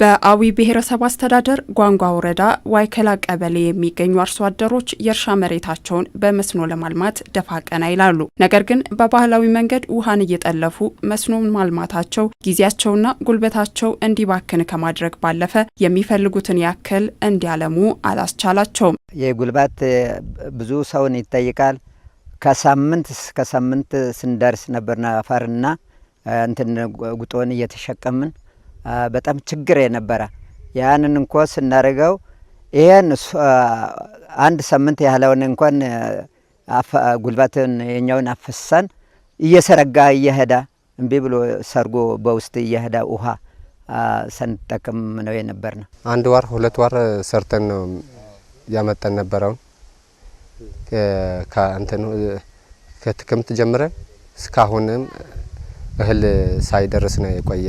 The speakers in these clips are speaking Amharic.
በአዊ ብሔረሰብ አስተዳደር ጓንጓ ወረዳ ዋይከላ ቀበሌ የሚገኙ አርሶ አደሮች የእርሻ መሬታቸውን በመስኖ ለማልማት ደፋ ቀና ይላሉ። ነገር ግን በባህላዊ መንገድ ውሃን እየጠለፉ መስኖን ማልማታቸው ጊዜያቸውና ጉልበታቸው እንዲባክን ከማድረግ ባለፈ የሚፈልጉትን ያክል እንዲያለሙ አላስቻላቸውም። የጉልበት ብዙ ሰውን ይጠይቃል። ከሳምንት እስከ ሳምንት ስንደርስ ነበርና አፈርና እንትን ጉጦን እየተሸቀምን በጣም ችግር የነበረ ያንን እንኳ ስናደርገው ይህን አንድ ሳምንት ያህለውን እንኳን ጉልበትን የኛውን አፈሳን እየሰረጋ እየሄዳ እምቢ ብሎ ሰርጎ በውስጥ እየሄዳ ውሃ ስንጠቅም ነው የነበር ነው። አንድ ወር ሁለት ወር ሰርተን ነው ያመጠን ነበረውን ከእንትኑ ከጥቅምት ጀምረን እስካሁንም እህል ሳይደርስ ነው የቆየ።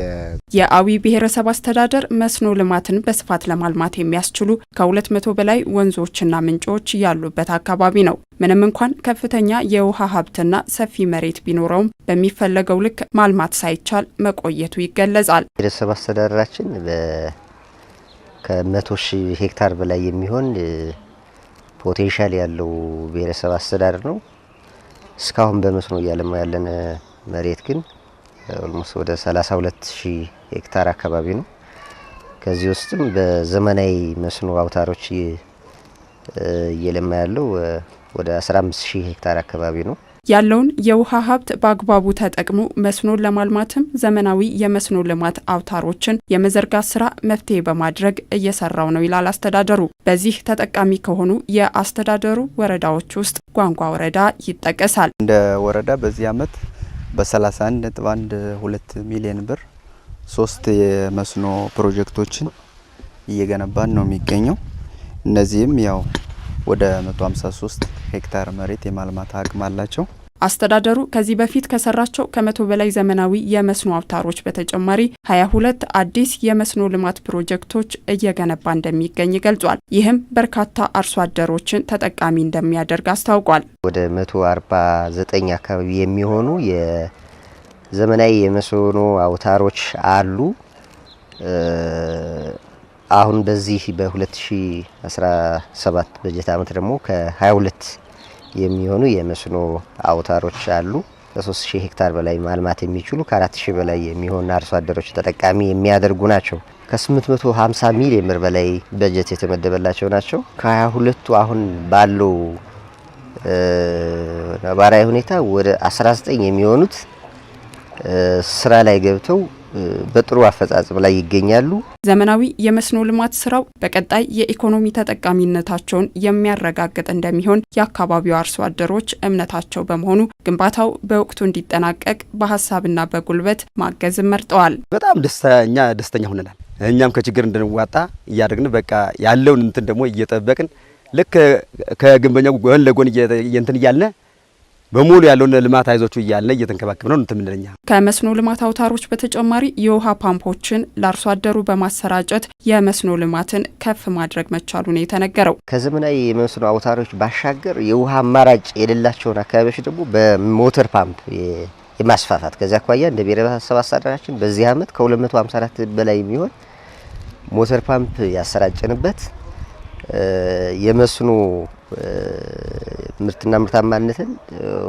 የአዊ ብሔረሰብ አስተዳደር መስኖ ልማትን በስፋት ለማልማት የሚያስችሉ ከሁለት መቶ በላይ ወንዞችና ምንጮች ያሉበት አካባቢ ነው። ምንም እንኳን ከፍተኛ የውሃ ሀብትና ሰፊ መሬት ቢኖረውም በሚፈለገው ልክ ማልማት ሳይቻል መቆየቱ ይገለጻል። ብሔረሰብ አስተዳደራችን ከመቶ ሺህ ሄክታር በላይ የሚሆን ፖቴንሻል ያለው ብሔረሰብ አስተዳደር ነው። እስካሁን በመስኖ እያለማ ያለን መሬት ግን ኦልሞስት ወደ 32 ሺህ ሄክታር አካባቢ ነው። ከዚህ ውስጥም በዘመናዊ መስኖ አውታሮች እየለማ ያለው ወደ 15 ሺህ ሄክታር አካባቢ ነው። ያለውን የውሃ ሀብት በአግባቡ ተጠቅሞ መስኖን ለማልማትም ዘመናዊ የመስኖ ልማት አውታሮችን የመዘርጋት ስራ መፍትሄ በማድረግ እየሰራው ነው ይላል አስተዳደሩ። በዚህ ተጠቃሚ ከሆኑ የአስተዳደሩ ወረዳዎች ውስጥ ጓንጓ ወረዳ ይጠቀሳል። እንደ ወረዳ በዚህ ዓመት በ31.12 ሚሊዮን ብር ሶስት የመስኖ ፕሮጀክቶችን እየገነባን ነው የሚገኘው። እነዚህም ያው ወደ 153 ሄክታር መሬት የማልማት አቅም አላቸው። አስተዳደሩ ከዚህ በፊት ከሰራቸው ከመቶ በላይ ዘመናዊ የመስኖ አውታሮች በተጨማሪ 22 አዲስ የመስኖ ልማት ፕሮጀክቶች እየገነባ እንደሚገኝ ገልጿል። ይህም በርካታ አርሶ አደሮችን ተጠቃሚ እንደሚያደርግ አስታውቋል። ወደ 149 አካባቢ የሚሆኑ የዘመናዊ የመስኖ አውታሮች አሉ። አሁን በዚህ በ2017 በጀት ዓመት ደግሞ ከ22 የሚሆኑ የመስኖ አውታሮች አሉ። ከ ከ3000 ሄክታር በላይ ማልማት የሚችሉ ከ ሺህ በላይ የሚሆኑ አርሶ አደሮች ተጠቃሚ የሚያደርጉ ናቸው። ከ850 ሚሊዮን ብር በላይ በጀት የተመደበላቸው ናቸው። ከ22ቱ አሁን ባለው ነባራዊ ሁኔታ ወደ 19 የሚሆኑት ስራ ላይ ገብተው በጥሩ አፈጻጸም ላይ ይገኛሉ። ዘመናዊ የመስኖ ልማት ስራው በቀጣይ የኢኮኖሚ ተጠቃሚነታቸውን የሚያረጋግጥ እንደሚሆን የአካባቢው አርሶ አደሮች እምነታቸው በመሆኑ ግንባታው በወቅቱ እንዲጠናቀቅ በሀሳብና በጉልበት ማገዝ መርጠዋል። በጣም ደስተኛ ደስተኛ ሆነናል። እኛም ከችግር እንድንዋጣ እያደረግን በቃ ያለውን እንትን ደግሞ እየጠበቅን ልክ ከግንበኛው ጎን ለጎን እንትን እያልነ በሙሉ ያለውን ልማት አይዞቹ እያልን እየተንከባከብ ነው እንትምንለኛ ከመስኖ ልማት አውታሮች በተጨማሪ የውሃ ፓምፖችን ለአርሶ አደሩ በማሰራጨት የመስኖ ልማትን ከፍ ማድረግ መቻሉ ነው የተነገረው። ከዘመናዊ የመስኖ አውታሮች ባሻገር የውሃ አማራጭ የሌላቸውን አካባቢዎች ደግሞ በሞተር ፓምፕ የማስፋፋት ከዚያ አኳያ እንደ ብሔረሰብ አስተዳደራችን በዚህ ዓመት ከ254 በላይ የሚሆን ሞተር ፓምፕ ያሰራጨንበት የመስኖ ምርትና ምርታማነትን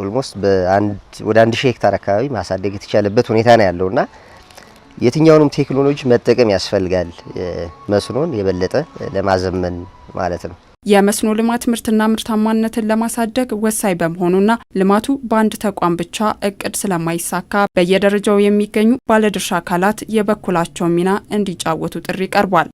ኦልሞስት ወደ አንድ ሺህ ሄክታር አካባቢ ማሳደግ የተቻለበት ሁኔታ ነው ያለውና የትኛውንም ቴክኖሎጂ መጠቀም ያስፈልጋል መስኖን የበለጠ ለማዘመን ማለት ነው። የመስኖ ልማት ምርትና ምርታማነትን ለማሳደግ ወሳኝ በመሆኑና ልማቱ በአንድ ተቋም ብቻ እቅድ ስለማይሳካ በየደረጃው የሚገኙ ባለድርሻ አካላት የበኩላቸውን ሚና እንዲጫወቱ ጥሪ ቀርቧል።